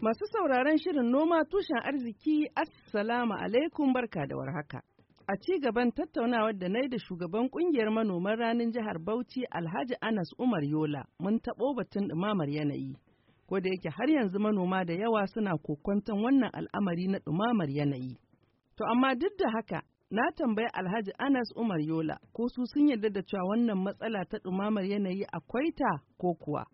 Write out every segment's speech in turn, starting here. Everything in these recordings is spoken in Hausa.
Masu sauraron shirin noma tushen arziki Assalamu alaikum barka da warhaka. A ci gaban tattaunawar da na da shugaban kungiyar manoman ranar jihar Bauchi Alhaji Anas Umar Yola mun taɓo batun ɗumamar yanayi. Ko da yake har yanzu manoma da yawa suna kokwantan wannan al'amari na ɗumamar yanayi. To amma duk da haka na tambayi Alhaji Anas Umar Yola ko su sun yarda da cewa wannan matsala ta ɗumamar yanayi akwai ta ko kuwa.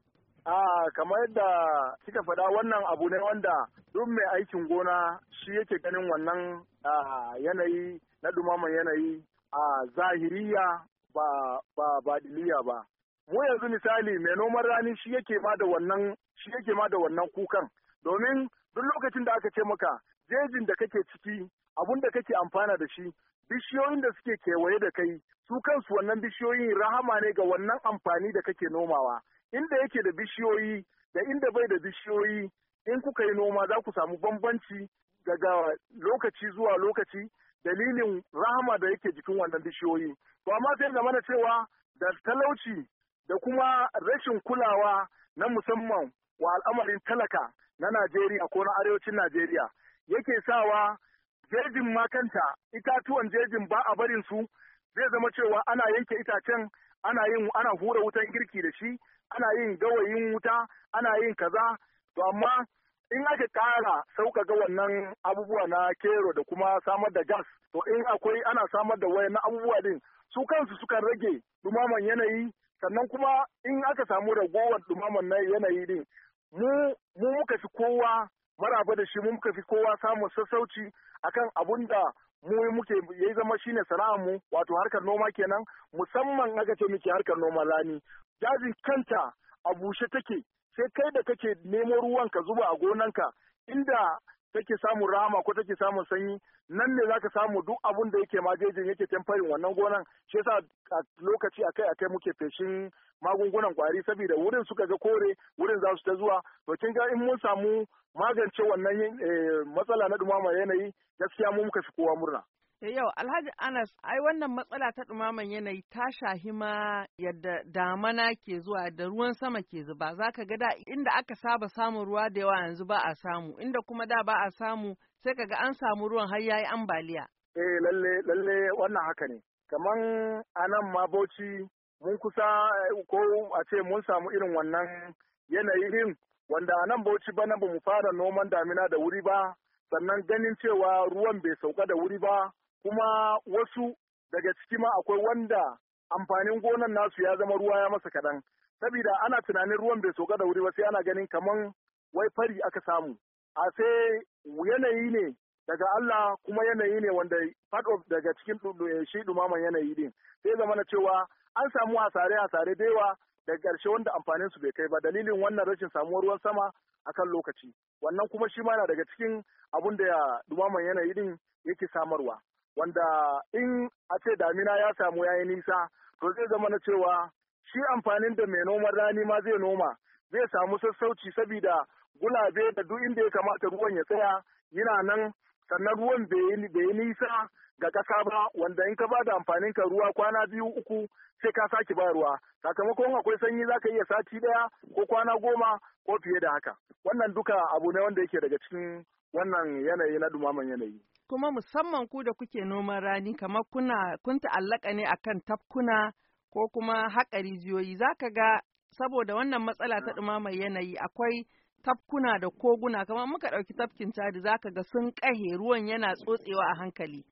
A ah, kamar yadda kika faɗa wannan abu ne wanda duk mai aikin gona shi yake ganin wannan ah, yanayi na dumaman yanayi a zahiriya ba ba ba ba. Mu yanzu misali mai noman rani shi yake ma da wannan shi yake ma da wannan kukan domin duk lokacin da aka ce maka jejin da kake ciki abun da kake amfana da shi bishiyoyin da suke kewaye da kai su kansu wannan bishiyoyin rahama ne ga wannan amfani da kake nomawa inda yake da bishiyoyi da inda bai da bishiyoyi in kuka yi noma za ku samu bambanci daga lokaci zuwa lokaci dalilin rahama da yake jikin wannan bishiyoyi to amma sai da mana cewa da talauci da kuma rashin kulawa na musamman wa al'amarin talaka na Najeriya ko na arewacin Najeriya yake sawa jejin makanta itatuwan jejin ba a barin su zai zama cewa ana yanke itacen ana yin ana hura wutan girki da shi ana yin gawayin wuta ana yin kaza to amma in aka ƙara sauƙaƙa wannan abubuwa na kero da kuma samar da gas to in akwai ana samar da wayan abubuwa din su kansu sukan rage dumaman yanayi sannan kuma in aka samu ragowar dumaman na yanayi din mu mu muka fi kowa maraba da shi mu muka fi kowa samun sassauci akan abun da mu muke ya zama shine sana'ar mu wato harkar noma kenan musamman aka ce muke harkar noma rani dajin kanta a bushe take sai kai da kake nemo ruwan ka zuba a gonanka inda take samun rama ko take samun sanyi nan ne zaka samu duk abun da yake majejin yake tamfarin wannan gonan shi yasa a lokaci akai akai muke feshin magungunan kwari saboda wurin suka ga kore wurin za su ta zuwa to kin ga in mun samu magance wannan eh, matsala na dumama yanayi gaskiya mu muka fi kowa murna Eh, yau Alhaji Anas ai wannan matsala ta ɗumaman yanayi ta shahi ma yadda damana ke zuwa da ruwan sama ke zuba za ka ga da inda aka saba samun ruwa da yawa yanzu ba a samu inda kuma da ba a samu sai ka ga an samu ruwan har yayi ambaliya. Eh lalle lalle wannan haka ne kaman anan ma Bauchi mun kusa eh, ko a ce mun samu irin wannan yanayin wanda anan Bauchi bana ba mu fara noman damina da wuri ba sannan ganin cewa ruwan bai sauka da wuri ba kuma wasu daga ciki ma akwai wanda amfanin gonan nasu ya zama ruwa ya masa kaɗan saboda ana tunanin ruwan bai sauka da wuri ba sai ana ganin kaman wai fari aka samu a sai yanayi ne daga Allah kuma yanayi ne wanda part of daga cikin shi dumaman yanayi din sai zama na cewa an samu hasare hasare da yawa daga ƙarshe wanda amfanin su bai kai ba dalilin wannan rashin samuwar ruwan sama akan lokaci wannan kuma shi ma yana daga cikin abun da dumaman yanayi din yake samarwa wanda in a ce damina ya samu yayi nisa to zai zama na cewa shi amfanin da mai noman rani ma zai noma zai samu sassauci saboda gulabe da duk inda ya kamata ruwan ya tsaya yana nan sannan ruwan bai yi nisa ka kasa ba wanda in ka ba da amfanin ka ruwa kwana biyu uku sai ka sake ba ruwa sakamakon akwai sanyi za ka iya sati daya ko kwana goma ko fiye da haka wannan duka abu ne wanda yake daga cikin wannan yanayi na dumaman yanayi. Kuma musamman ku da kuke noman rani kamar kuna kun ta'allaka ne akan tafkuna ko kuma haƙa rijiyoyi za ka ga saboda wannan matsala ta dumaman yanayi akwai tafkuna da koguna kamar muka ɗauki tafkin cadi za ka ga sun ƙahe ruwan yana tsotsewa a hankali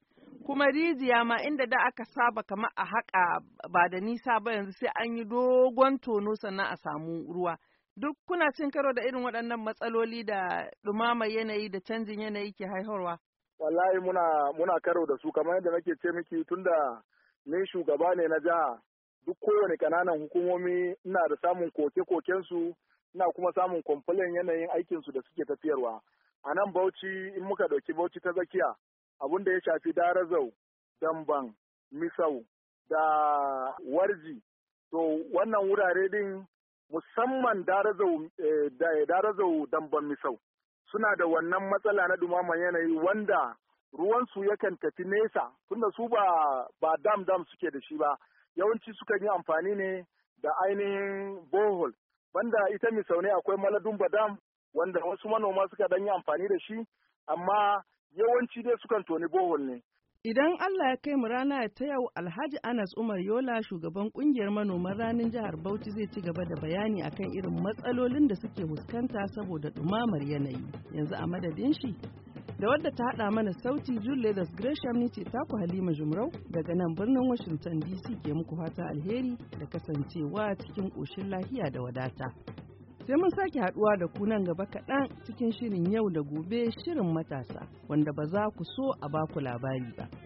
kuma rijiya ma inda da aka saba kamar a haƙa ba da nisa ba yanzu sai an yi dogon tono sannan a samu ruwa duk kuna cin karo da irin waɗannan matsaloli da ɗumamar yanayi da canjin yanayi ke haihuwa wallahi muna muna karo da su kamar yadda nake ce miki tunda ni shugaba ne na jiha duk kowane kananan hukumomi ina da samun koke-koken su ina kuma samun kwamfalin yanayin aikin su da suke tafiyarwa a nan bauchi in muka ɗauki bauchi ta tsakiya. abun da ya shafi darazau damban misau da warji to wannan wurare din musamman darazau eh, damban misau suna da wannan matsala na dumaman yanayi wanda ruwansu yakan tafi nesa tunda su ba ba dam dam suke da shi ba yawanci sukan yi amfani ne da ainihin bohol banda ita misau ne akwai maladun badam wanda wasu manoma suka dan yi amfani da shi amma yawanci dai sukan toni bohol ne. Idan Allah ya kai mu rana ta yau Alhaji Anas Umar Yola shugaban kungiyar manoman ranar jihar Bauchi zai ci gaba da bayani akan irin matsalolin da suke fuskanta saboda dumamar yanayi. Yanzu a madadin shi da wadda ta haɗa mana sauti Julius Gresham ne ce taku Halima Jumrau daga nan birnin Washington DC ke muku fata alheri da kasancewa cikin ƙoshin lafiya da wadata. Sai mun sake haduwa da ku nan gaba kaɗan cikin shirin yau da gobe shirin matasa wanda ba za ku so a baku labari ba.